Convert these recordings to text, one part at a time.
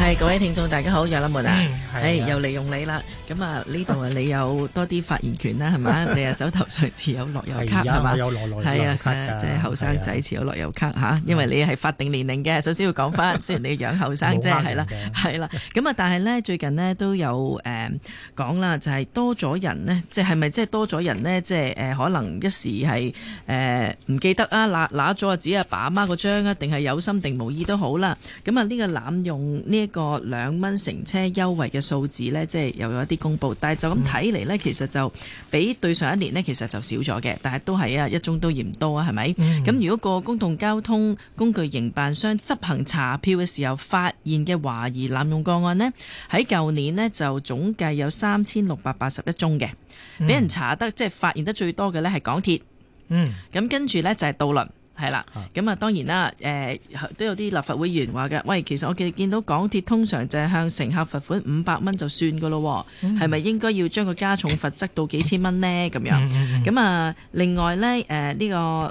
係各位聽眾，大家好，楊立文啊，係、hey, 又利用你啦。咁啊，呢度啊，你有多啲發言權啦，係嘛？你啊手頭上持有樂悠卡係嘛？係 啊，即係後生仔持有樂悠卡吓，啊、因為你係法定年齡嘅，首先要講翻。 雖然你要養後生即係啦，係啦。咁啊，啊，但係咧最近呢都有誒講啦，就係、是、多咗人， 人呢，即係咪即係多咗人呢，即係誒，可能一時係誒唔記得啊，拿咗啊，自己阿爸阿媽個章啊，定係有心定無意都好啦。咁啊，呢個濫用呢，這個個兩蚊乘車優惠嘅數字呢，即係又有一啲公布，但係就咁睇嚟呢，嗯、其實就比對上一年呢，其實就少咗嘅。但係都係啊，一宗都嫌多啊，係咪？咁、嗯、如果個公共交通工具營辦商執行查票嘅時候，發現嘅懷疑濫用個案呢，喺舊年呢，就總計有三千六百八十一宗嘅，俾、嗯、人查得即係、就是、發現得最多嘅呢，係港鐵。嗯，咁跟住呢，就係渡輪。係啦，咁啊當然啦，誒、呃、都有啲立法會員話嘅，喂，其實我見見到港鐵通常就係向乘客罰款五百蚊就算噶咯，係咪、嗯、應該要將個加重罰則到幾千蚊呢？咁樣，咁啊、嗯嗯嗯、另外呢，誒、呃、呢、呢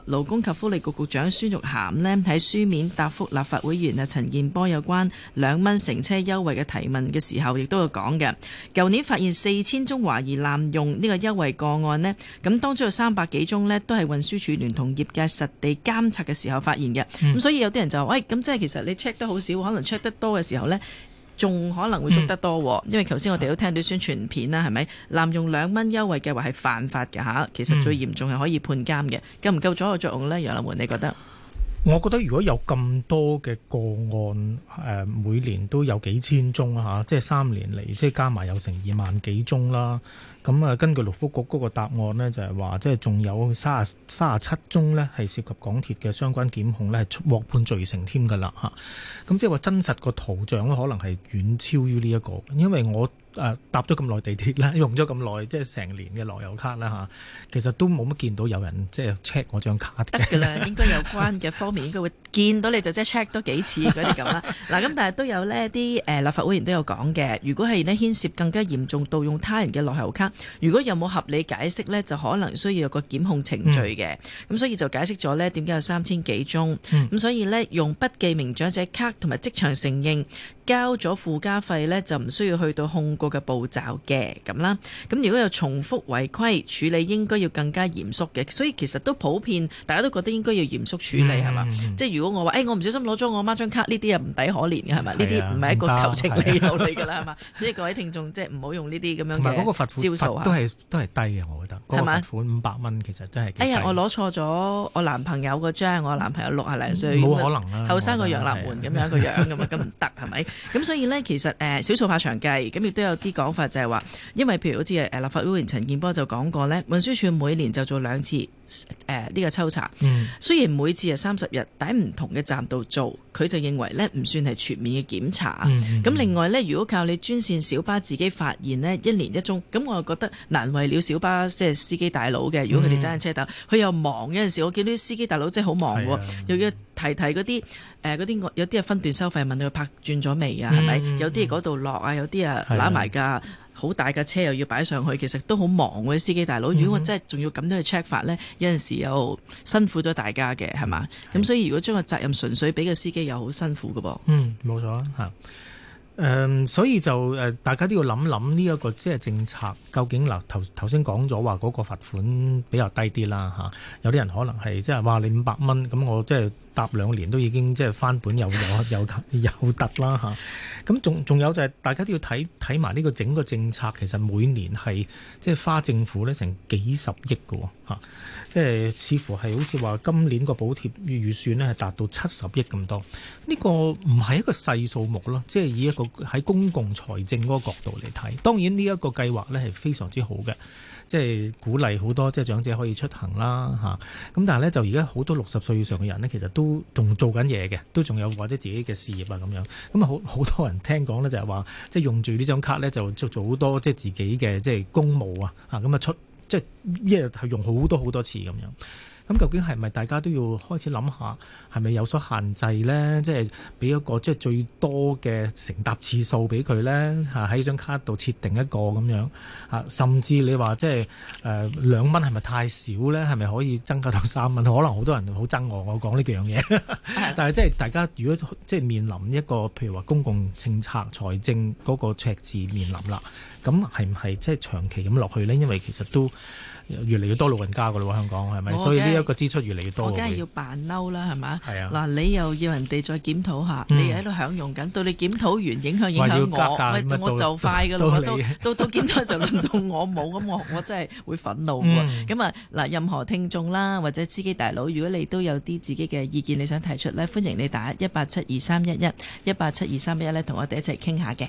個勞工及福利局局長孫玉菡呢，喺書面答覆立法會員啊陳健波有關兩蚊乘車優惠嘅提問嘅時候，亦都有講嘅。舊年發現四千宗懷疑濫用呢個優惠個案呢，咁當中有三百幾宗呢，都係運輸署聯同業界實地加監察嘅時候發現嘅咁，所以有啲人就話：，喂、哎，咁即係其實你 check 得好少，可能 check 得多嘅時候呢，仲可能會捉得多。嗯、因為頭先我哋都聽到宣傳片啦，係咪濫用兩蚊優惠計劃係犯法嘅嚇？其實最嚴重係可以判監嘅，夠唔夠阻嚇作用呢，楊立門，你覺得？我覺得如果有咁多嘅個案，誒，每年都有幾千宗吓，即係三年嚟，即係加埋有成二萬幾宗啦。咁啊，根據勞福局嗰個答案呢，就係話，即係仲有三十，三十七宗呢係涉及港鐵嘅相關檢控呢係獲判罪成添㗎喇吓。咁即係話真實個圖像可能係遠超於呢一個，因為我。誒、啊、搭咗咁耐地鐵啦，用咗咁耐，即係成年嘅樂悠卡啦嚇、啊，其實都冇乜見到有人即係 check 我張卡嘅。得㗎啦，應該有關嘅方面 應該會見到你就即係 check 多幾次嗰啲咁啦。嗱咁、 啊，但係都有呢啲、呃、立法會議員都有講嘅，如果係咧牽涉更加嚴重盜用他人嘅樂悠卡，如果有冇合理解釋呢，就可能需要有個檢控程序嘅。咁、嗯、所以就解釋咗呢點解有三千幾宗。咁、嗯、所以呢，用不記名長者卡同埋即場承認。交咗附加費咧，就唔需要去到控告嘅步驟嘅咁啦。咁如果有重複違規處理，應該要更加嚴肅嘅。所以其實都普遍，大家都覺得應該要嚴肅處理係嘛、嗯？即係如果我話，誒、欸、我唔小心攞咗我媽張卡，呢啲啊唔抵可憐嘅係咪？呢啲唔係一個求情理由嚟㗎啦係嘛？所以各位聽眾即係唔好用呢啲咁樣嘅招數。同埋嗰個罰款都係都係低嘅，我覺得、嗰個罰款五百蚊其實真係。哎呀，我攞錯咗我男朋友個張，我男朋友六十零歲，冇可能啦，後生個楊立滿咁樣個樣咁啊，咁唔得係咪？咁所以咧，其實誒少數怕長計，咁亦都有啲講法，就係話，因為譬如好似立法會議員陳健波就講過咧，運輸署每年就做兩次誒呢、呃呢個抽查，嗯、雖然每次係三十日，但喺唔同嘅站度做。佢就認為咧，唔算係全面嘅檢查，咁、嗯嗯嗯、另外咧，如果靠你專線小巴自己發現咧，一年一宗，咁我又覺得難為了小巴即係司機大佬嘅。如果佢哋揸緊車頭，佢又、嗯嗯、忙有陣時，我見啲司機大佬真係好忙喎，嗯嗯又要提提嗰啲誒嗰啲，呃、些有啲係分段收費，問佢拍轉咗未嗯嗯嗯啊？係咪？有啲嗰度落啊，有啲啊揦埋㗎。好大架車又要擺上去，其實都好忙嗰司機大佬。如果我真係仲要咁樣去 check 法呢，嗯、哼有陣時又辛苦咗大家嘅，係嘛？咁的所以如果將個責任純粹俾個司機，又好辛苦嘅噃、嗯。嗯，冇錯啊，嚇。誒，所以就誒，大家都要諗諗呢一個即係政策，究竟嗱，頭頭先講咗話嗰個罰款比較低啲啦，嚇。有啲人可能係即係話你五百蚊，咁我即係。搭兩年都已經即係翻本有，有有有有得啦吓，咁仲仲有就係大家都要睇睇埋呢個整個政策，其實每年係即係花政府咧成幾十億㗎喎。即係似乎係好似話今年個補貼預算咧係達到七十億咁多。呢個唔係一個細數目咯，即係以一個喺公共財政嗰個角度嚟睇，當然呢一個計劃咧係非常之好嘅。即係鼓勵好多即係長者可以出行啦嚇，咁但係咧就而家好多六十歲以上嘅人咧，其實都仲做緊嘢嘅，都仲有或者自己嘅事業啊咁樣，咁啊好好多人聽講咧就係話，即係用住呢張卡咧就做做好多即係自己嘅即係公務啊嚇，咁啊出即係一日係用好多好多次咁樣。咁究竟係咪大家都要開始諗下，係咪有所限制呢？即係俾一個即係最多嘅乘搭次數俾佢呢？嚇喺張卡度設定一個咁樣，啊，甚至你話即係誒兩蚊係咪太少呢？係咪可以增加到三蚊？可能好多人好憎我，我講呢樣嘢， 但係即係大家如果即係面臨一個譬如話公共政策，財政嗰個赤字面臨啦，咁係唔係即係長期咁落去呢？因為其實都。越嚟越多老人家噶啦，香港係咪？所以呢一個支出越嚟越多。我梗係要扮嬲啦，係咪？嗱，你又要人哋再檢討下，你又喺度享用緊，到你檢討完影響影響我，我就快噶啦，到到檢討就輪到我冇，咁我我真係會憤怒㗎。咁啊嗱，任何聽眾啦或者司機大佬，如果你都有啲自己嘅意見你想提出咧，歡迎你打一八七二三一一一八七二三一一咧，同我哋一齊傾下嘅。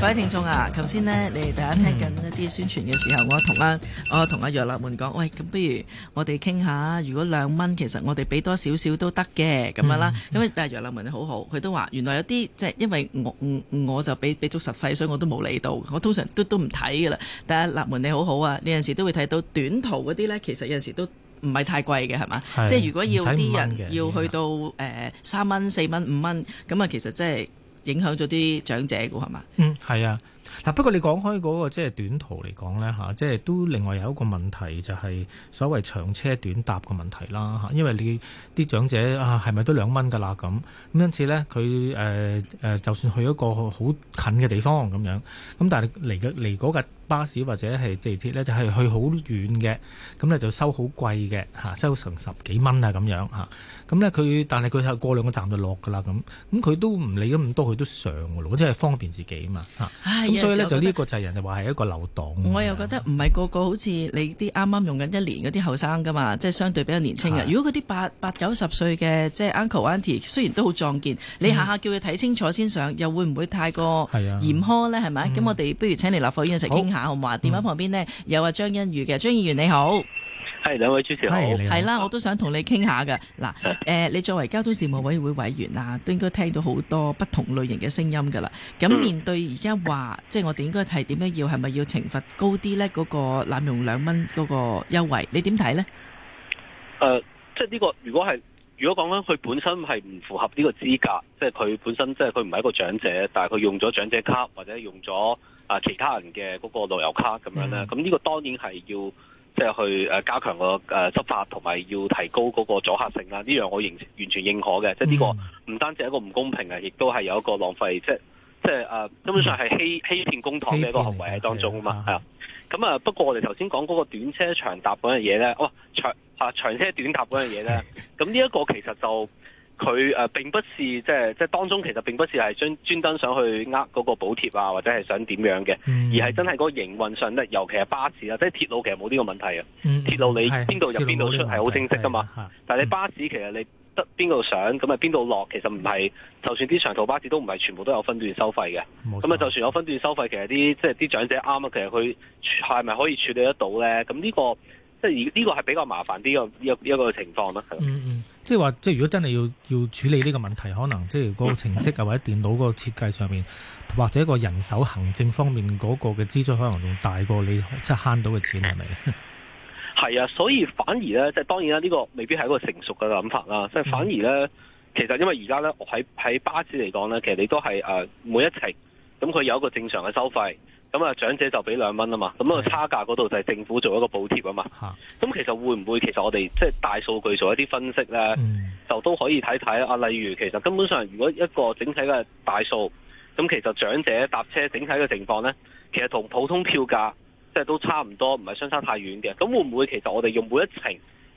各位聽眾啊，頭先呢，你哋大家聽緊一啲宣傳嘅時候，嗯、我同阿、啊、我同阿楊立門講，喂，咁不如我哋傾下，如果兩蚊，其實我哋俾多少少都得嘅，咁樣啦。咁啊、嗯，但係楊立門你好好，佢都話原來有啲即係因為我我就俾俾足實費，所以我都冇理到。我通常都都唔睇噶啦。但係立門你好好啊，你有陣時都會睇到短途嗰啲呢，其實有陣時都唔係太貴嘅，係嘛？是即係如果要啲人要去到誒三蚊、四蚊、五蚊，咁啊，其實即係。影響咗啲長者嘅係嘛？是嗯，係啊。嗱、啊，不過你講開嗰、嗰個即係短途嚟講咧吓，即係、啊、都另外有一個問題就係所謂長車短搭嘅問題啦嚇、啊。因為你啲長者啊，係咪都兩蚊㗎啦咁？咁因此咧，佢誒誒，就算去一個好近嘅地方咁樣，咁但係嚟嘅嚟嗰㗎。巴士或者係地鐵呢，就係、是、去好遠嘅，咁咧就收好貴嘅，收成十幾蚊啊咁樣嚇。咁呢佢，但係佢係過兩個站就落㗎啦咁。咁佢都唔理咁多，佢都上㗎咯，即、就、係、是、方便自己啊嘛咁、哎、呀 所以呢就呢個個就係人哋話係一個漏洞。我又覺得唔係個個好似你啲啱啱用緊一年嗰啲後生㗎嘛，即、就、係、是、相對比較年輕嘅。的如果嗰啲八八九十歲嘅，即係 uncle auntie，雖然都好壯健，你下下叫佢睇清楚先上，嗯、又會唔會太過嚴苛呢？係咪？咁我哋不如請你立法院一齊傾。好嘛？電話、嗯、旁邊呢，有阿張欣宇嘅張議員你，你好。係兩位主持好。係啦，我都想同你傾下㗎。嗱，誒、呃， 你作為交通事務委員會委員啊，都應該聽到好多不同類型嘅聲音噶啦。咁面對而家話，即係我哋應該係點樣要係咪要懲罰高啲呢？嗰、那個濫用兩蚊嗰個優惠，你點睇呢？誒、呃，即係、這、呢個，如果係如果講緊，佢本身係唔符合呢個資格，即係佢本身即係佢唔係一個長者，但係佢用咗長者卡或者用咗。啊！其他人嘅嗰個樂悠咭咁樣咧，咁呢、嗯、個當然係要即係、就是、去誒加強個誒執法，同埋要提高嗰個阻嚇性啦。呢、這、樣、個、我認完全認可嘅，即係呢個唔單止係一個唔公平嘅，亦都係有一個浪費，即係即係誒，根本上係欺、嗯、欺騙公帑嘅一個行為喺當中啊嘛，係啊。咁啊，的的不過我哋頭先講嗰個短車長搭嗰樣嘢咧，哦長嚇、啊、長車短搭嗰樣嘢咧，咁呢一個其實就。佢誒、呃、並不是即係即係，當中其實並不是係專專登想去呃嗰個補貼啊，或者係想點樣嘅，嗯、而係真係嗰個營運上得。尤其係巴士啊，即係鐵路其實冇呢個問題啊。嗯嗯、鐵路你邊度是入邊度出係好清晰㗎嘛。但係你巴士其實你得邊度上咁啊，邊度落，其實唔係，就算啲長途巴士都唔係全部都有分段收費嘅。咁啊錯，就算有分段收費，其實啲即係啲長者啱啊，其實佢係咪可以處理得到咧？咁呢、呢個。即係呢個係比較麻煩啲個一一個、這個這個、情況啦，係咯，嗯嗯，即係話，即係如果真係要要處理呢個問題，可能即係嗰個程式啊，或者電腦個設計上面，或者個人手行政方面嗰個嘅支出，可能仲大過你即係慳到嘅錢係咪？係啊，所以反而咧，即係當然啦，呢、這個未必係一個成熟嘅諗法啦。即係反而咧，嗯、其實因為而家咧，我喺喺巴士嚟講咧，其實你都係誒、呃、每一程咁，佢有一個正常嘅收費。咁啊，長者就俾兩蚊啊嘛，咁個差價嗰度就係政府做一個補貼啊嘛。咁其實會唔會其實我哋即係大數據做一啲分析呢，就都可以睇睇啊。例如其實根本上如果一個整體嘅大數，咁其實長者搭車整體嘅情況呢，其實同普通票價即係都差唔多，唔係相差太遠嘅。咁會唔會其實我哋用每一程，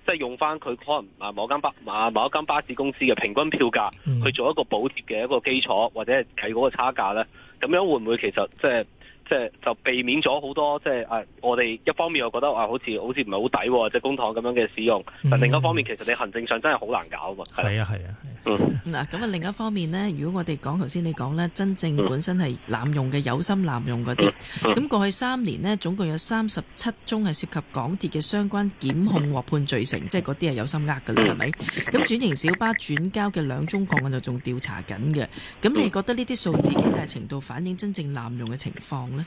即係用翻佢可能某間巴啊某間巴士公司嘅平均票價、嗯、去做一個補貼嘅一個基礎，或者係睇嗰個差價呢？咁樣會唔會其實即係？即係就避免咗好多即係誒、啊、我哋一方面又覺得啊，好似好似唔係好抵喎，即係公帑咁樣嘅使用，但另一方面其實你行政上真係好難搞喎。係啊、嗯，係啊。嗱，咁啊、嗯，另一方面呢，如果我哋講頭先你講呢，真正本身係濫用嘅，有心濫用嗰啲，咁過去三年呢，總共有三十七宗係涉及港鐵嘅相關檢控獲判罪成，即係嗰啲係有心呃嘅啦，係咪？咁轉型小巴轉交嘅兩宗個案就仲調查緊嘅，咁你覺得呢啲數字幾大程度反映真正濫用嘅情況呢、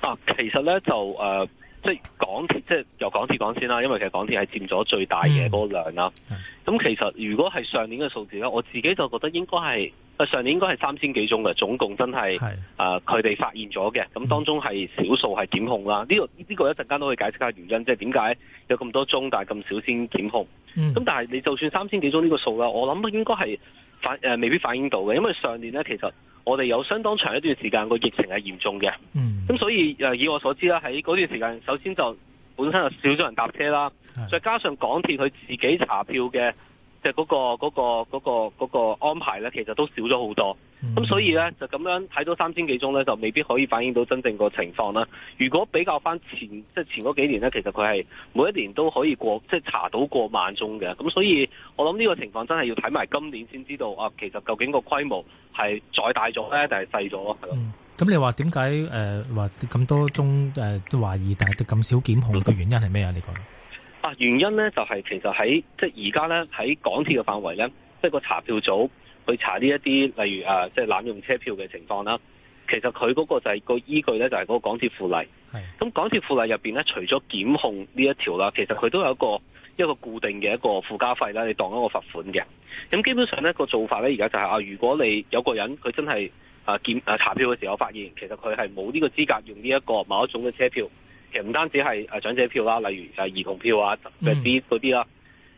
啊？其實呢，就誒。呃即係港即係由港鐵講先啦，因為其實港鐵係佔咗最大嘅嗰量啦、啊。咁其實如果係上年嘅數字咧，我自己就覺得應該係上年應該係三千幾宗嘅總共真係啊佢哋發現咗嘅，咁當中係少數係檢控啦。呢、這個呢、這個一陣間都可以解釋下原因，即係點解有咁多宗，但係咁少先檢控。咁、嗯、但係你就算三千幾宗呢個數啦，我諗應該係反、呃、未必反映到嘅，因為上年咧其實。我哋有相當長一段時間個疫情係嚴重嘅，咁、嗯嗯、所以誒以我所知啦，喺嗰段時間首先就本身就少咗人搭車啦，的再加上港鐵佢自己查票嘅即係嗰個嗰、嗰個嗰嗰、嗰個嗰個嗰個、安排咧，其實都少咗好多。咁、嗯、所以咧就咁樣睇到三千幾宗咧，就未必可以反映到真正個情況啦。如果比較翻前即係前嗰幾年咧，其實佢係每一年都可以過即係查到過萬宗嘅。咁所以我諗呢個情況真係要睇埋今年先知道啊。其實究竟個規模係再大咗咧，定係細咗？係咯。咁、嗯、你話點解誒話咁多宗誒、呃、都懷疑，但係咁少檢控嘅原因係咩啊？你講啊，原因咧就係、是、其實喺即係而家咧喺港鐵嘅範圍咧，即係個查票組。去查呢一啲，例如誒，即係濫用車票嘅情況啦。其實佢嗰個就係個依據咧，就係嗰個港鐵附例。係咁的，港鐵附例入邊咧，除咗檢控呢一條啦，其實佢都有一個一個固定嘅一個附加費啦，你當一個罰款嘅。咁基本上咧，個做法咧，而家就係啊，如果你有個人佢真係誒檢誒查票嘅時候發現，其實佢係冇呢個資格用呢一個某一種嘅車票，其實唔單止係誒長者票啦，例如誒兒童票、嗯、啊，嗰啲嗰啲啦。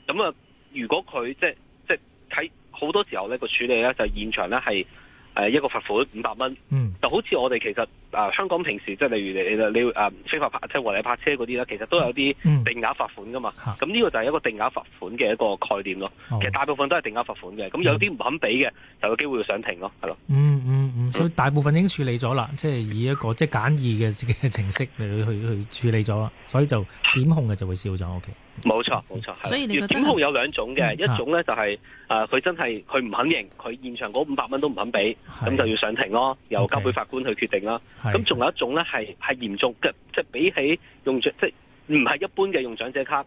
咁啊，如果佢即係即係睇。好多時候咧，個處理咧就現場咧係誒一個罰款五百蚊，就好似我哋其實。啊！香港平時即係例如你你誒非法泊車或者亂泊車嗰啲咧，其實都有啲定額罰款㗎嘛。咁呢個就係一個定額罰款嘅一個概念咯。其實大部分都係定額罰款嘅。咁有啲唔肯俾嘅，就有機會要上庭咯，係咯。嗯嗯嗯，所以大部分已經處理咗啦，即係以一個即係簡易嘅自己嘅程式嚟去去處理咗啦。所以就檢控嘅就會少咗。O.K.，冇錯冇錯，所以你檢控有兩種嘅，一種咧就係誒佢真係佢唔肯認，佢現場嗰五百蚊都唔肯俾，咁就要上庭咯，由交俾法官去決定啦。咁仲有一種咧，係係嚴重嘅，即係比起用長即係唔係一般嘅用長者卡，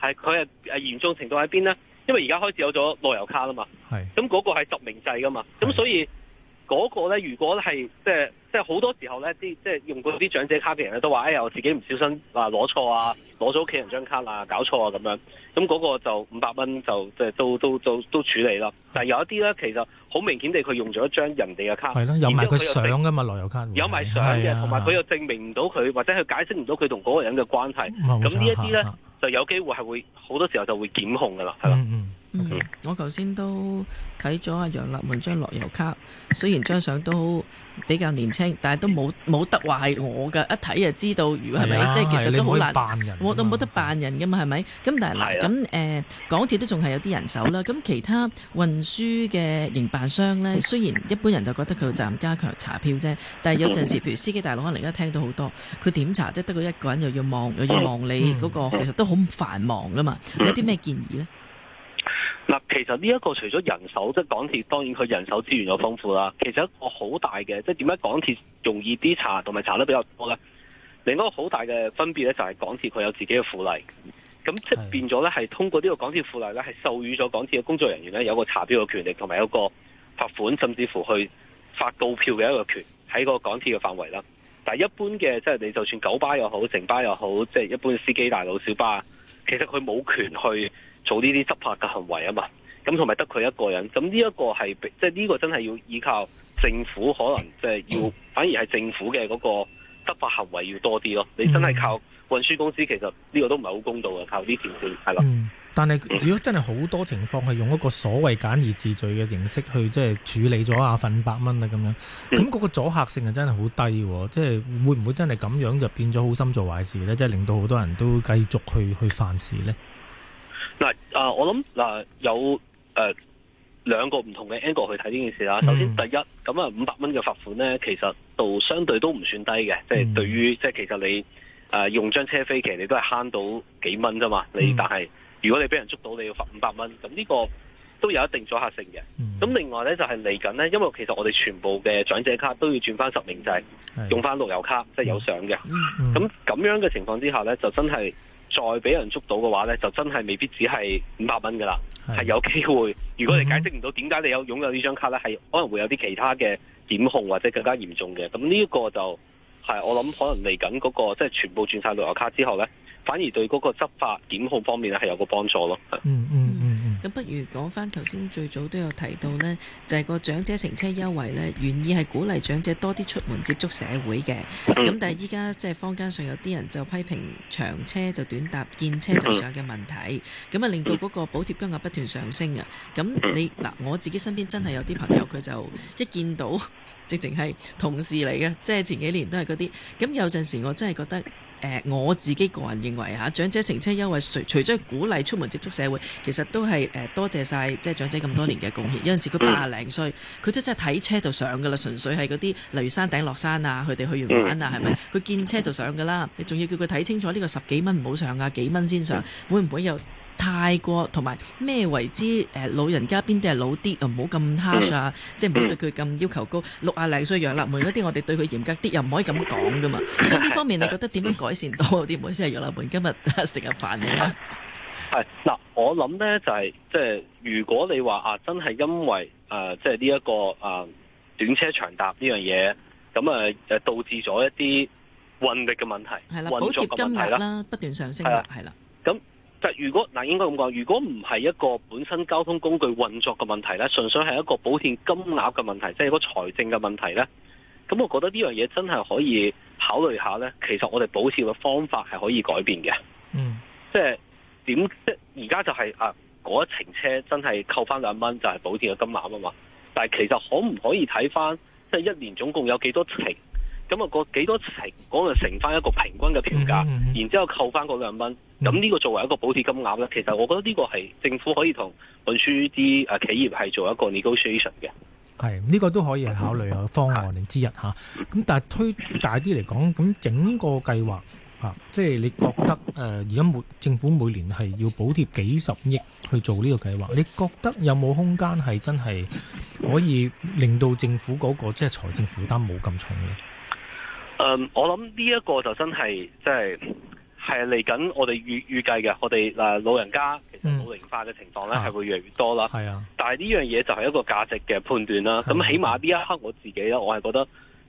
係佢係誒嚴重程度喺邊咧？因為而家開始有咗內遊卡啦嘛，咁嗰是個係實名制噶嘛，咁是所以。嗰個咧，如果係即係即係好多時候咧，啲即係用過啲長者卡嘅人咧，都話，哎呀，我自己唔小心啊，攞錯啊，攞咗屋企人張卡啊，搞錯啊咁樣。咁、那、嗰個就五百蚊就即係都都都處理啦，但係有一啲咧，其實好明顯地，佢用咗一張人哋嘅卡，係咯，有埋佢相噶嘛，樂悠卡，有埋相嘅，同埋佢又證明唔到佢，或者佢解釋唔到佢同嗰個人嘅關係。咁的呢一啲咧，的就有機會係會好多時候就會檢控噶啦，Okay. 嗯，我頭先都睇咗阿楊立文張樂悠咭，雖然張相都比較年輕，但都冇冇得話係我嘅。一睇就知道，如果係咪、啊、即係其實都好難。我都冇得扮人噶嘛，係咪？咁但係嗱，咁誒、啊呃、港鐵都仲係有啲人手啦。咁其他運輸嘅營辦商咧，雖然一般人就覺得佢責任加強查票啫，但係有陣時，譬如司機大佬可能而家聽到好多佢點查，即係得佢一個人又要望又要望你嗰、那個，嗯、其實都好繁忙噶嘛。有啲咩建議咧？嗱，其實呢一個除咗人手，即係港鐵，當然佢人手資源又豐富啦。其實一個好大嘅，即係點解港鐵容易啲查，同埋查得比較多咧？另一個好大嘅分別咧，就係港鐵佢有自己嘅附例，咁即係變咗咧，係通過呢個港鐵附例咧，係授予咗港鐵嘅工作人員咧，有個查票嘅權力，同埋有個罰款，甚至乎去發告票嘅一個權喺個港鐵嘅範圍啦。但係一般嘅，即係你就算九巴又好，城巴又好，即係一般司機大佬小巴，其實佢冇權去。做呢啲執法嘅行為啊嘛，咁同埋得佢一個人，咁呢一個係即係呢個真係要依靠政府，可能即係要反而係政府嘅嗰個執法行為要多啲咯。你真係靠運輸公司，其實呢個都唔係好公道嘅，靠呢件事係咯。但係如果真係好多情況係用一個所謂簡易治罪嘅形式去即係處理咗啊，份百蚊啊咁樣，咁嗰個阻嚇性係真係好低啊，即係會唔會真係咁樣就變咗好心做壞事呢？即係令到好多人都繼續去去犯事呢？嗱，啊、呃，我諗嗱、呃，有、呃、兩個唔同嘅 angle 去睇呢件事啦。嗯、首先第一，咁啊五百蚊嘅罰款咧，其實度相對都唔算低嘅、嗯，即係對於即係其實你誒、呃、用張車飛，其實你都係慳到幾蚊啫嘛。你、嗯、但係如果你俾人捉到，你要罰五百蚊，咁呢個都有一定阻嚇性嘅。咁、嗯、另外咧就係嚟緊咧，因為其實我哋全部嘅長者卡都要轉翻實名制，的用翻樂悠卡，即、就、係、是、有相嘅。咁咁、嗯嗯、樣嘅情況之下咧，就真係。再俾人捉到嘅話呢，就真係未必只係五百蚊噶啦，係的有機會。如果你解釋唔到點解你有擁、嗯、哼有呢張卡呢，係可能會有啲其他嘅檢控或者更加嚴重嘅。咁呢個個就係、是、我諗，可能嚟緊嗰個即係、就是、全部轉晒旅遊卡之後呢，反而對嗰個執法檢控方面呢係有個幫助咯。嗯嗯。嗯咁不如講翻頭先最早都有提到呢，就係個長者乘車優惠呢，原意係鼓勵長者多啲出門接觸社會嘅。咁但係依家即係坊間上有啲人就批評長車就短搭、見車就上嘅問題，咁啊令到嗰個補貼金額不斷上升啊。咁你嗱，我自己身邊真係有啲朋友，佢就一見到， 直情係同事嚟嘅，即係前幾年都係嗰啲。咁有陣時我真係覺得。誒、呃、我自己個人認為嚇長者乘車優惠，除除咗係鼓勵出門接觸社會，其實都係誒、呃、多謝晒即係長者咁多年嘅貢獻。有陣時佢八零歲，佢都真係睇車就上噶啦，純粹係嗰啲例如山頂落山啊，佢哋去完玩啊，係咪？佢見車就上噶啦，你仲要叫佢睇清楚呢個十幾蚊唔好上呀、啊，幾蚊先上？會唔會有？太過同埋咩為之誒老人家邊啲係老啲啊？唔好咁 harsh 啊！即係唔好對佢咁要求高。六啊零歲楊立梅嗰啲，我哋對佢嚴格啲，又唔可以咁講噶嘛。所以呢方面，你覺得點樣改善多啲？唔好意思，係楊立梅今日食下飯嚟啦。係嗱，我諗咧就係即係如果你話啊，真係因為誒即係呢一個誒短車長搭呢樣嘢，咁啊誒導致咗一啲運力嘅問題，係啦，補貼金額啦不斷上升啦，係啦，咁。其實如果嗱應該咁講，如果唔係一個本身交通工具運作嘅問題咧，純粹係一個補貼金額嘅問題，即係個財政嘅問題咧，咁我覺得呢樣嘢真係可以考慮下咧。其實我哋補貼嘅方法係可以改變嘅。嗯，即係點？即而家就係啊嗰一程車真係扣翻兩蚊就係補貼嘅金額啊嘛。但係其實可唔可以睇翻即係一年總共有幾多程？咁啊個幾多程嗰個乘翻一個平均嘅票價，嗯嗯嗯然之後扣翻嗰兩蚊？咁呢個作為一個補貼金額呢，其實我覺得呢個係政府可以同運輸啲誒企業係做一個 negotiation 嘅。係，呢、呢個都可以考慮下方案定之一吓。咁的、啊、但係推大啲嚟講，咁整個計劃吓、啊，即係你覺得誒而家每政府每年係要補貼幾十億去做呢個計劃，你覺得有冇空間係真係可以令到政府嗰、嗰個即係、就是、財政負擔冇咁重咧？誒、嗯，我諗呢一個就真係即係。係嚟緊，我哋預預計嘅，我哋嗱老人家其實老齡化嘅情況咧係、嗯、會越嚟越多啦。係啊，但係呢樣嘢就係一個價值嘅判斷啦。咁、啊、起碼呢一刻我自己咧，我係覺得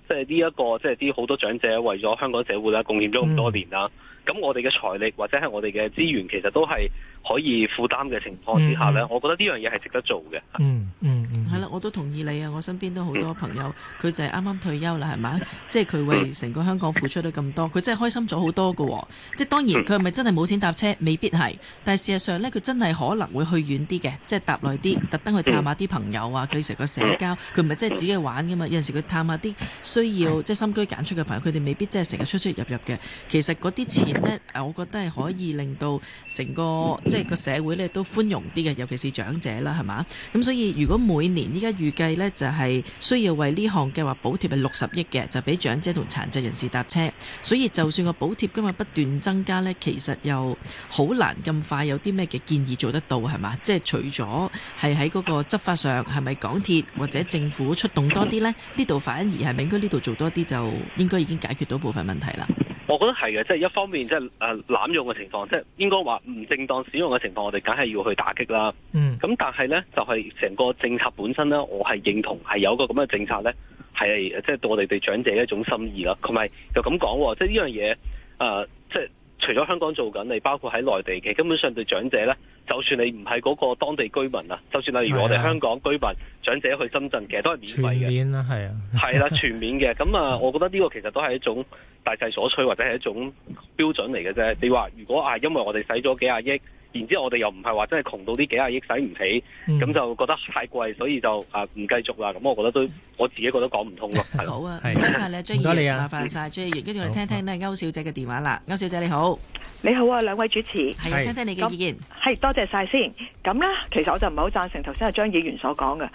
即係呢一個即係啲好多長者為咗香港社會咧貢獻咗咁多年啦。咁、嗯、我哋嘅財力或者係我哋嘅資源，其實都係可以負擔嘅情況之下咧，嗯、我覺得呢樣嘢係值得做嘅、嗯。嗯嗯。我都同意你啊！我身邊都好多朋友，佢就係啱啱退休啦，係嘛？即係佢為成個香港付出咗咁多，佢真係開心咗好多㗎喎。即係當然，佢係咪真係冇錢搭車？未必係。但係事實上呢，佢真係可能會去遠啲嘅，即係搭耐啲，特登去探下啲朋友啊！佢成個社交，佢唔係即係自己玩噶嘛。有陣時佢探下啲需要，即係深居簡出嘅朋友，佢哋未必即係成日出出入入嘅。其實嗰啲錢呢，我覺得係可以令到成個即係個社會呢都寬容啲嘅，尤其是長者啦，係嘛？咁所以如果每年而家預計呢就係需要為呢項計劃補貼係六十億嘅，就俾長者同殘疾人士搭車。所以就算個補貼今日不斷增加呢，其實又好難咁快有啲咩嘅建議做得到係嘛？即係除咗係喺嗰個執法上，係咪港鐵或者政府出動多啲呢？呢度反而係咪應該呢度做多啲，就應該已經解決到部分問題啦？我覺得係嘅，即係一方面即係誒濫用嘅情況，即係應該話唔正當使用嘅情況，我哋梗係要去打擊啦。嗯，咁但係咧，就係成個政策本身咧，我係認同係有個咁嘅政策咧，係即係對我哋對長者一種心意啦。同埋就咁講喎，即係呢樣嘢誒，即係除咗香港做緊，你包括喺內地的，其實根本上對長者咧。就算你唔係嗰個當地居民啊，就算例如我哋香港居民、啊、長者去深圳，其實都係免費嘅。全面啊，係啊，啦、啊， 全面嘅。咁啊，我覺得呢個其實都係一種大勢所趨，或者係一種標準嚟嘅啫。你話如果係、啊、因為我哋使咗幾廿億。然之後，我哋又唔係話真係窮到啲幾廿億使唔起，咁就覺得太貴，所以就啊唔繼續啦。咁我覺得都我自己覺得講唔通咯。好啊，唔該曬你張議員，唔該你啊，麻煩曬張議員。跟住我哋聽聽咧歐小姐嘅電話啦。歐小姐你好，你好啊兩位主持，係聽聽你嘅意見，係多謝晒先。咁咧，其實我就唔係好贊成頭先阿張議員所講嘅，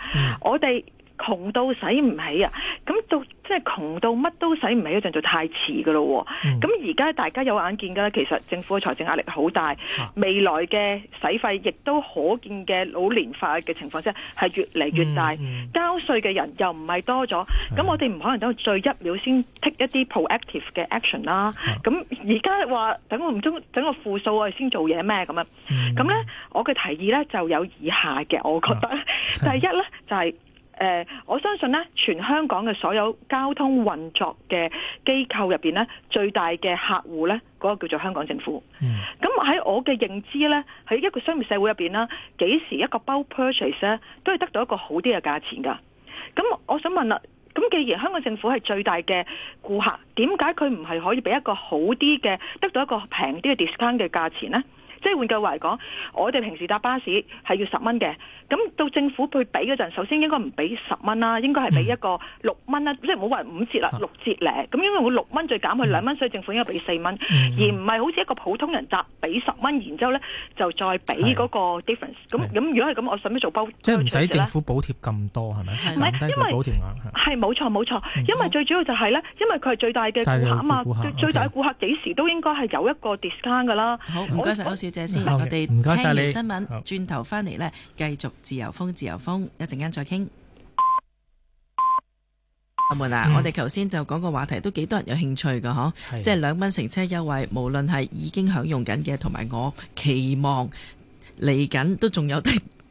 我哋。窮到使唔起啊！咁到即係窮到乜都使唔起嗰陣，就太遲噶咯喎！咁而家大家有眼見噶，其實政府嘅財政壓力好大，啊、未來嘅使費亦都可見嘅老年化嘅情況下係越嚟越大。嗯嗯、交稅嘅人又唔係多咗，咁、嗯、我哋唔可能等到最後一秒先 take 一啲 proactive 嘅 action 啦。咁而家話等我唔中等我負數我哋先做嘢咩咁呢，咁我嘅提議呢就有以下嘅，我覺得、啊、第一呢 就係、是。誒、呃，我相信咧，全香港嘅所有交通運作嘅機構入邊咧，最大嘅客戶咧，嗰、那個叫做香港政府。咁喺、嗯、我嘅認知咧，喺一個商業社會入邊啦，幾時一個 bulk purchase 咧，都係得到一個好啲嘅價錢㗎。咁我想問啦，咁既然香港政府係最大嘅顧客，點解佢唔係可以俾一個好啲嘅，得到一個平啲嘅 discount 嘅價錢咧？即係換句話嚟講，我哋平時搭巴士係要十蚊嘅，咁到政府去俾嗰陣，首先應該唔俾十蚊啦，應該係俾一個六蚊啦，即係唔好話五折啦，六折咧。咁因為我六蚊再減去兩蚊，所以政府應該俾四蚊，而唔係好似一個普通人搭俾十蚊，然之後咧就再俾嗰個 difference。咁咁如果係咁，我使唔使做包？即係唔使政府補貼咁多係咪？係，因為補貼啊，係冇錯冇錯，因為最主要就係咧，因為佢係最大嘅顧客啊嘛，最大嘅顧客幾時都應該係有一個 discount 㗎啦。好謝先，的我哋聽完新聞，轉頭翻嚟咧，繼續自由風，自由風，一陣間再傾。阿門啊！我哋頭先就講個話題，都幾多人有興趣噶，嗬的？即係兩蚊乘車優惠，無論係已經享用緊嘅，同埋我期望嚟緊都仲有得。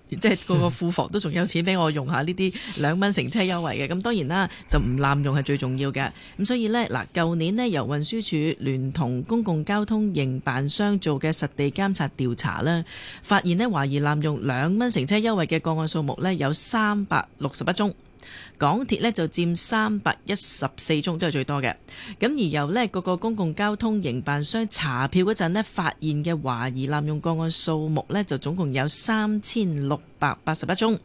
即係個個庫房都仲有錢俾我用下呢啲兩蚊乘車優惠嘅，咁當然啦，就唔濫用係最重要嘅。咁所以呢，嗱，舊年呢，由運輸署聯同公共交通營辦商做嘅實地監察調查呢，發現呢，懷疑濫用兩蚊乘車優惠嘅個案數目呢，有三百六十一宗。港鐵呢就佔三百一十四宗，都係最多嘅。咁而由呢各個公共交通營辦商查票嗰陣呢，發現嘅懷疑濫用個案數目呢，就總共有三千六百八十一宗，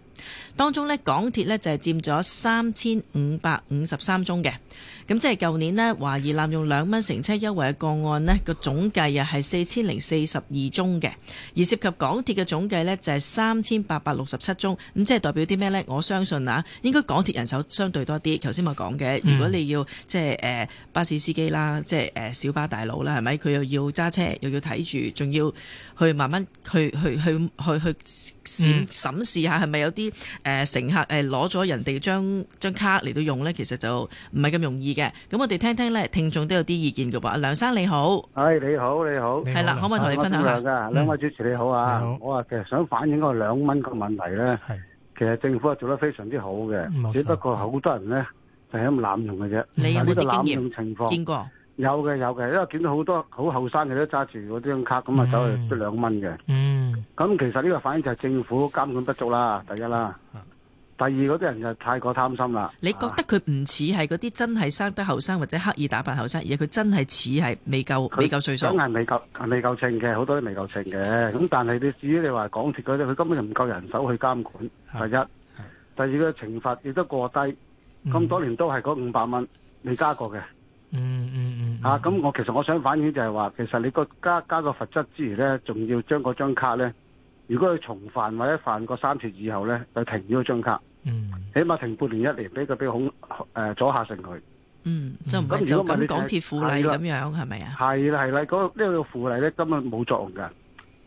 當中呢港鐵呢就係佔咗三千五百五十三宗嘅。咁即係舊年咧，懷疑濫用兩蚊乘車優惠嘅個案咧，個總計啊係四千零四十二宗嘅，而涉及港鐵嘅總計咧就係三千八百六十七宗。咁即係代表啲咩咧？我相信啊，應該港鐵人手相對多啲。頭先我講嘅，如果你要、嗯、即係誒巴士司機啦，即係小巴大佬啦，係咪佢又要揸車又要睇住，仲要去慢慢去去去去去審審視下係咪有啲誒、呃、乘客誒攞咗人哋張張卡嚟到用咧？其實就唔係咁容易。嘅，咁我哋聽聽咧，聽眾都有啲意見嘅噃。梁生你好，哎你好你好，係啦，可唔可以同你分享下？兩位主持你好啊，我啊其實想反映嗰兩蚊嘅問題咧，其實政府係做得非常之好嘅，只不過好多人咧就係咁濫用嘅啫。你有冇啲經驗？見過？有嘅有嘅，因為見到好多好後生嘅都揸住嗰張卡咁啊走去出兩蚊嘅。嗯，咁其實呢個反映就係政府監管不足啦，第一啦。第二嗰啲人就太過貪心啦。你覺得佢唔似係嗰啲真係生得後生、啊、或者刻意打扮後生，而佢真係似係未夠、未夠歲數。真係未夠的、未夠稱嘅，好多都未夠稱嘅。咁但係你至於你話港鐵嗰啲，佢根本就唔夠人手去監管。是第一，是第二個懲罰亦都過低，咁、嗯、多年都係嗰五百蚊未加過嘅、嗯。嗯嗯嗯。嚇、啊！咁我其實我想反映就係話，其實你個加加個罰則之餘咧，仲要將嗰張卡咧。如果佢重犯或者犯過三次以後咧，就停咗張卡，嗯，起碼停半年一年，俾佢俾恐誒阻嚇性佢，嗯，就係唔係就問港鐵附例咁樣，係咪啊？係啦係啦，嗰呢個附例咧，今日冇作用噶，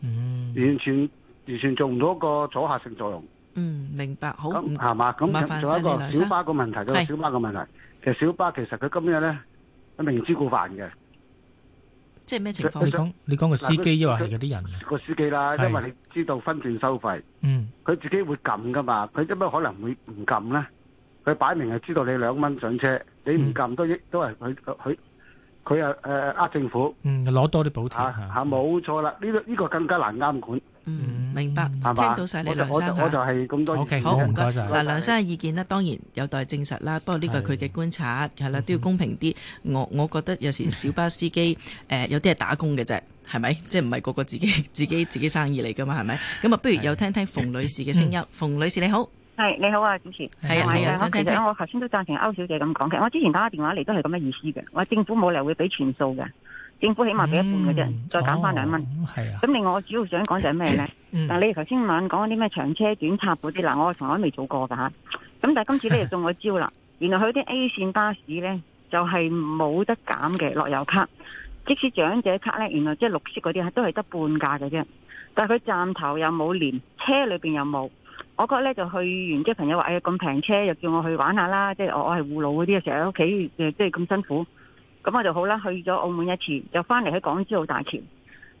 嗯，完全完全做唔到一個阻嚇性作用。嗯，明白好，咁係嘛？咁仲有一個小巴個問題，就小巴個問題，其實小巴其實佢今日咧，明知故犯嘅。即係咩情況你講你講個司機，抑或係啲人個司機啦，因為你知道分段收費，嗯是，佢自己會撳噶嘛，佢點解可能會唔撳咧？佢擺明係知道你兩蚊上車，你唔撳都都係佢佢佢又誒呃政府，嗯，攞多啲補貼嚇，冇錯啦，呢個呢個更加難監管。嗯，明白，聽到晒你梁生，我就係咁多意見。好唔該晒，嗱，梁生嘅意見咧，當然有待證實啦。不過呢個係佢嘅觀察係啦，都要公平啲。我我覺得有時小巴司機誒，有啲係打工嘅啫，係咪？即係唔係個個自己自己自己生意嚟㗎嘛？係咪？咁啊，不如又聽聽馮女士嘅聲音。馮女士你好，係你好啊，主持。係啊，係啊。我頭先都贊成歐小姐咁講嘅。我之前打個電話嚟都係咁嘅意思嘅。我政府冇理由會俾全數嘅。政府起碼俾一半嘅啫，嗯、再減翻兩蚊係啊。咁另外我主要想講就係咩咧？但你哋頭先晚講嗰啲咩長車短搭嗰啲，嗱，我從來未做過噶。咁但係今次咧就中咗招啦。 原來佢啲 A 線巴士咧就係冇得減嘅落油卡，即使長者卡咧，原來即係綠色嗰啲都係得半價嘅啫。但係佢站頭又冇連，車裏邊又冇。我覺得咧就去完，即係朋友話：哎呀，咁平車又叫我去玩下啦。即係我我係護老嗰啲，成日喺屋企，即係咁辛苦。咁我就好啦，去咗澳門一次，就翻嚟喺港珠澳大橋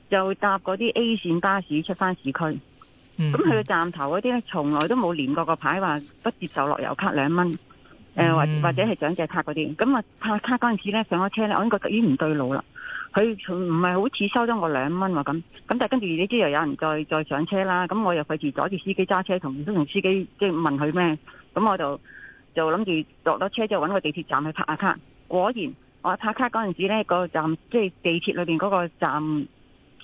就搭嗰啲 A 線巴士出翻市區。咁去到站頭嗰啲咧，從來都冇連過個牌，話不接受樂悠卡兩蚊，誒、呃，或者或者係長者卡嗰啲。咁啊，拍卡嗰陣時咧，上咗車咧，我已經覺得已經唔對路啦。佢唔係好似收咗我兩蚊話咁，咁但係跟住呢啲又有人再再上車啦。咁我又費事阻住司機揸車，同時都同司機即係問佢咩？咁我就就諗住落咗車之後揾個地鐵站去拍下卡。果然。我拍卡嗰陣時咧，嗰個站即係地鐵裏面嗰個站嗰、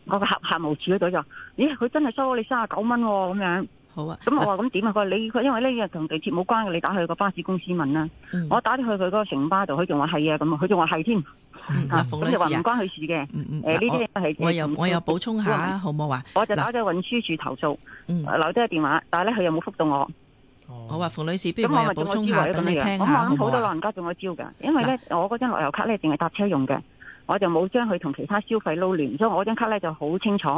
嗰個客、嗰個、客務處嗰度就，咦佢真係收咗你三十九蚊喎咁樣。好啊，咁我話咁點啊？佢話你因為呢日同地鐵冇關嘅，你打去個巴士公司問啦。我打咗去佢個城巴度，佢仲話係啊咁啊，佢仲話係添。啊，馮女士，就話唔關佢事嘅。嗯嗯，呢啲係我又我又補充下，好唔好呀？我就打咗運輸署投訴，嗯、留低個電話，但係咧佢又冇覆到我。我話，馮女士，不如我補充下咁，你聽下，我諗好多老人家中咗招噶因為咧我嗰張旅遊卡咧淨係搭車用嘅，我就冇將佢同其他消費撈亂，所以我張卡咧就好清楚。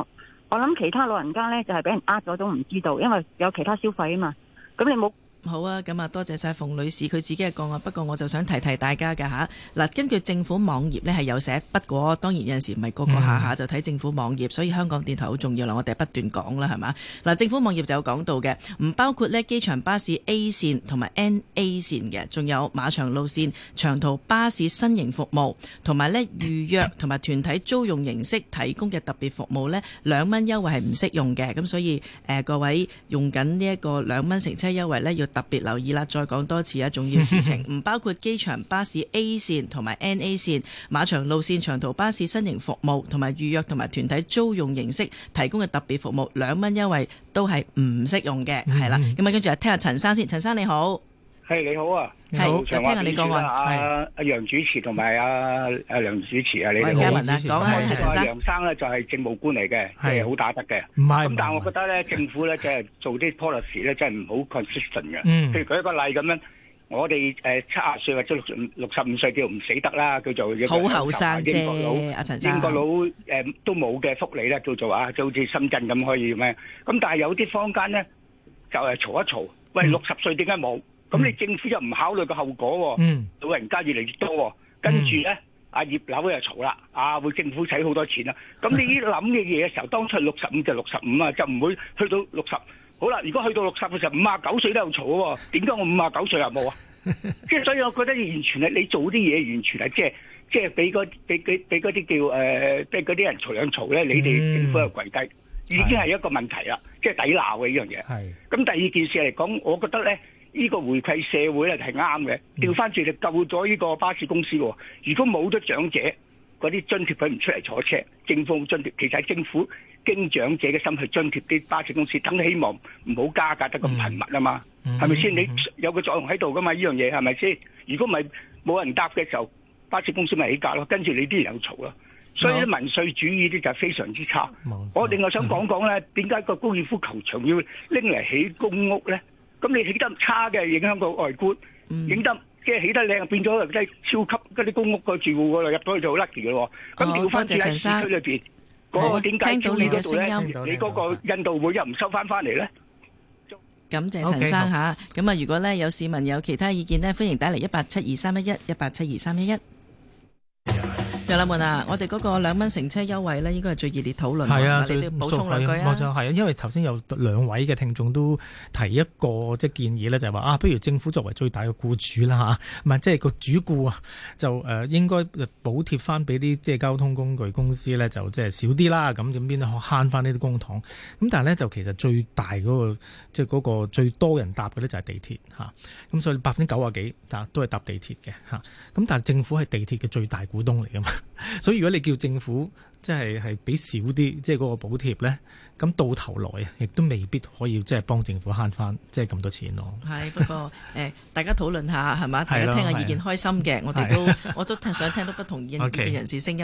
我諗其他老人家咧就係、是、俾人呃咗都唔知道，因為有其他消費啊嘛。咁你冇。好啊，咁啊，多謝晒馮女士佢自己嘅個案啊。不過我就想提提大家噶吓，嗱、啊，根據政府網頁咧係有寫，不過當然有陣時唔係個個下下就睇政府網頁，所以香港電台好重要啦。我哋不斷講啦，係嘛嗱？政府網頁就有講到嘅，唔包括咧機場巴士 A 綫同埋 N A 綫嘅，仲有馬場路線、長途巴士新型服務同埋咧預約同埋團體租用形式提供嘅特別服務咧，兩蚊優惠係唔適用嘅。咁所以誒、呃、各位用緊呢一個兩蚊乘車優惠咧，要。特別留意啦，再講多次啊！重要事情，唔包括機場巴士 A 線同埋 N A 線、馬場路線、長途巴士新型服務同埋預約同埋團體租用形式提供嘅特別服務，兩蚊優惠都係唔適用嘅，係啦。 咁啊，跟住聽下陳生先，陳生你好。係你好啊，係，我聽下你講話。阿阿楊主持同埋阿阿梁主持啊，你哋好。梁文啊，講啊，楊生，楊生咧就係政務官嚟嘅，係好打得嘅。唔係。咁但係我覺得咧，政府咧即係做啲 policy 咧，真係唔好 consistent 嘅。嗯。譬如舉一個例咁樣，我哋誒七十歲或者六六十五歲叫做唔死得啦，叫做要。好後生，即係阿陳生。英國佬誒都冇嘅福利咧，叫做啊，就好似深圳咁可以咩。咁但係有啲坊間咧就係嘈一嘈，喂，六十歲點解冇？咁、嗯、你政府又唔考慮個後果喎、哦？嗯、老人家越嚟越多、哦，跟住咧，阿葉劉又嘈啦，啊會政府使好多錢啦、啊、咁你依諗嘅嘢嘅時候，當初六十五就六十五啊，就唔會去到六十。好啦，如果去到六十或十五啊九歲都有嘈喎，點解我五啊九歲又冇啊？即係、嗯、所以，我覺得完全係你做啲嘢，完全係即係即係俾嗰俾俾俾啲叫誒即係嗰啲人嘈兩嘈咧，你哋政府又跪低，已經係一個問題啦，的即係抵鬧嘅呢樣嘢。咁的第二件事嚟講，我覺得咧。呢個回饋社會咧係啱嘅，調翻轉就救咗呢個巴士公司。如果冇咗長者，嗰啲津貼佢唔出嚟坐車，政府津貼其實係政府經長者嘅心去津貼啲巴士公司，等希望唔好加價得咁頻密啊嘛，係咪先？吧嗯、你有個作用喺度噶嘛？呢樣嘢係咪先？吧嗯、如果唔係冇人搭嘅時候，巴士公司咪起價咯，跟住你啲人又嘈啦。所以咧民粹主義啲就係非常之差。嗯、我另外想講講咧，點解個高爾夫球場要拎嚟起公屋咧？咁你起得差嘅影響個外觀，影得即係起得靚，變咗又即係超級嗰啲公屋個住戶，我入到去就好 lucky 咯。咁調翻轉喺市區裏邊，嗰個點解聽到你嘅聲音？你嗰個印度會又唔收翻翻嚟咧？感謝陳生嚇。咁啊，如果咧有市民有其他意見咧，歡迎打嚟一八七二三一一一八七二三一一。有啦，問啊，我哋嗰個兩蚊乘車優惠咧，應該係最熱烈討論。係啊，最補、啊、充兩句啊。冇錯係啊，因為頭先有兩位嘅聽眾都提一個即係建議咧，就係話啊，不如政府作為最大嘅僱主啦吓，唔係即係個主顧啊，就誒、是、應該補貼翻俾啲即係交通工具公司咧，就即係少啲啦。咁咁邊慳翻呢啲公帑？咁但係咧就其實最大嗰個即係嗰個最多人搭嘅咧就係地鐵吓。咁、啊、所以百分之九啊幾搭都係搭地鐵嘅吓。咁、啊、但係政府係地鐵嘅最大股東嚟噶嘛。 所以如果你叫政府即係係俾少啲即係嗰個補貼咧，咁到頭來啊，亦都未必可以即係幫政府慳翻即係咁多錢咯。係，不過誒，大家討論下係嘛， 大家聽下意見開心嘅，的我哋都 我都想聽到不同意意見嘅人士聲音。Okay.